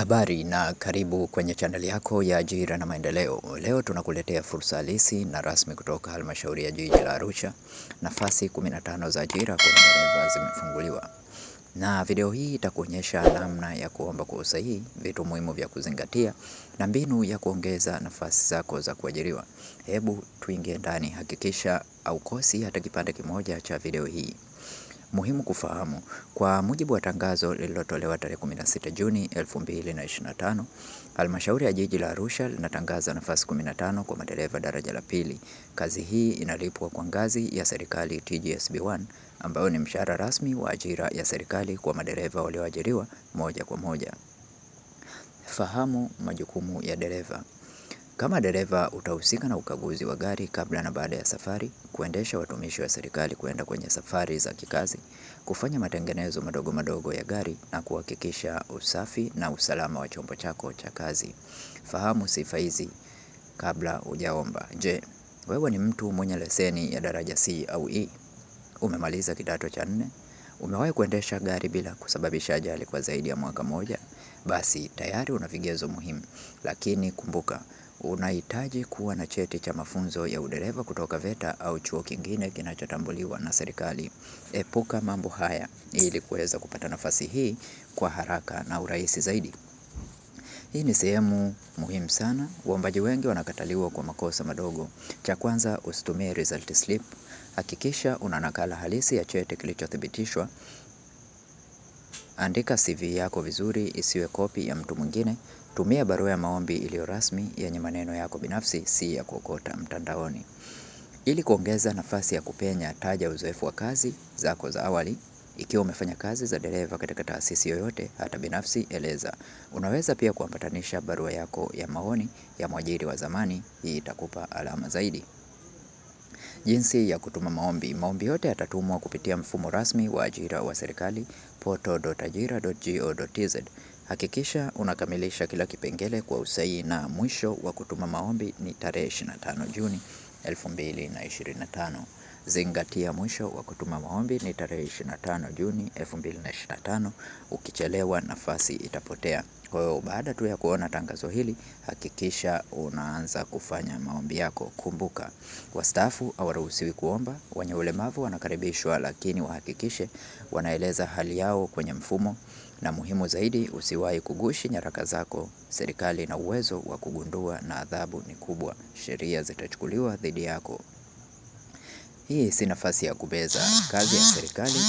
Habari na karibu kwenye chaneli yako ya Ajira na Maendeleo. Leo tunakuletea fursa halisi na rasmi kutoka halmashauri ya jiji la Arusha. Nafasi 15 za ajira kwa madereva zimefunguliwa, na video hii itakuonyesha namna ya kuomba kwa usahihi, vitu muhimu vya kuzingatia na mbinu ya kuongeza nafasi zako za kuajiriwa. Hebu tuingie ndani, hakikisha kosi hata kipande kimoja cha video hii. Muhimu kufahamu, kwa mujibu wa tangazo lililotolewa tarehe 16 Juni 2025, Halmashauri ya Jiji la Arusha linatangaza nafasi 15 kwa madereva daraja la pili. Kazi hii inalipwa kwa ngazi ya serikali TGSB1 ambayo ni mshahara rasmi wa ajira ya serikali kwa madereva walioajiriwa moja kwa moja. Fahamu majukumu ya dereva. Kama dereva utahusika na ukaguzi wa gari kabla na baada ya safari, kuendesha watumishi wa serikali kuenda kwenye safari za kikazi, kufanya matengenezo madogo madogo ya gari na kuhakikisha usafi na usalama wa chombo chako cha kazi. Fahamu sifa hizi kabla hujaomba. Je, wewe ni mtu mwenye leseni ya daraja C au E? Umemaliza kidato cha nne? Umewahi kuendesha gari bila kusababisha ajali kwa zaidi ya mwaka moja? Basi, tayari una vigezo muhimu, lakini kumbuka, Unahitaji kuwa na cheti cha mafunzo ya udereva kutoka VETA au chuo kingine kinachotambuliwa na serikali. Epuka mambo haya ili kuweza kupata nafasi hii kwa haraka na urahisi zaidi. Hii ni sehemu muhimu sana, waombaji wengi wanakataliwa kwa makosa madogo. Cha kwanza usitumie result slip, hakikisha una nakala halisi ya cheti kilichothibitishwa Andika CV yako vizuri isiwe kopi ya mtu mwingine. Tumia barua ya maombi iliyo rasmi yenye maneno yako binafsi si ya kuokota mtandaoni. Ili kuongeza nafasi ya kupenya taja uzoefu wa kazi zako za awali. Ikiwa umefanya kazi za dereva katika taasisi yoyote hata binafsi eleza. Unaweza pia kuambatanisha barua yako ya maoni ya mwajiri wa zamani hii itakupa alama zaidi. Jinsi ya kutuma maombi. Maombi yote yatatumwa kupitia mfumo rasmi wa ajira wa serikali portal.ajira.go.tz. Hakikisha unakamilisha kila kipengele kwa usahihi na mwisho wa kutuma maombi ni tarehe 25 Juni 2025. Zingatia mwisho wa kutuma maombi ni tarehe 25 Juni 2025. Ukichelewa nafasi itapotea. Kwa hiyo baada tu ya kuona tangazo hili, hakikisha unaanza kufanya maombi yako. Kumbuka, wastaafu hawaruhusiwi kuomba, wenye ulemavu wanakaribishwa, lakini wahakikishe wanaeleza hali yao kwenye mfumo, na muhimu zaidi, usiwahi kugushi nyaraka zako. Serikali ina uwezo wa kugundua na adhabu ni kubwa. Sheria zitachukuliwa dhidi yako. Hii si nafasi ya kubeza kazi ya serikali.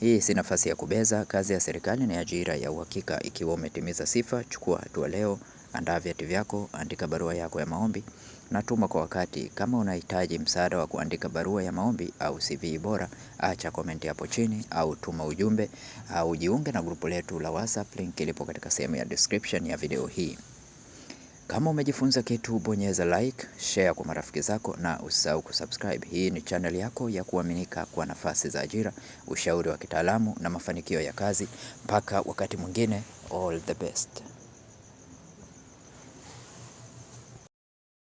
Hii si nafasi ya kubeza kazi ya serikali ni ajira ya uhakika. Ikiwa umetimiza sifa, chukua hatua leo, andaa vyeti vyako, andika barua yako ya maombi na tuma kwa wakati. Kama unahitaji msaada wa kuandika barua ya maombi au CV bora, acha komenti hapo chini au tuma ujumbe au jiunge na grupu letu la WhatsApp link ilipo katika sehemu ya description ya video hii. Kama umejifunza kitu, bonyeza like, share kwa marafiki zako na usisahau kusubscribe. Hii ni channel yako ya kuaminika kwa nafasi za ajira, ushauri wa kitaalamu na mafanikio ya kazi. Mpaka wakati mwingine, all the best.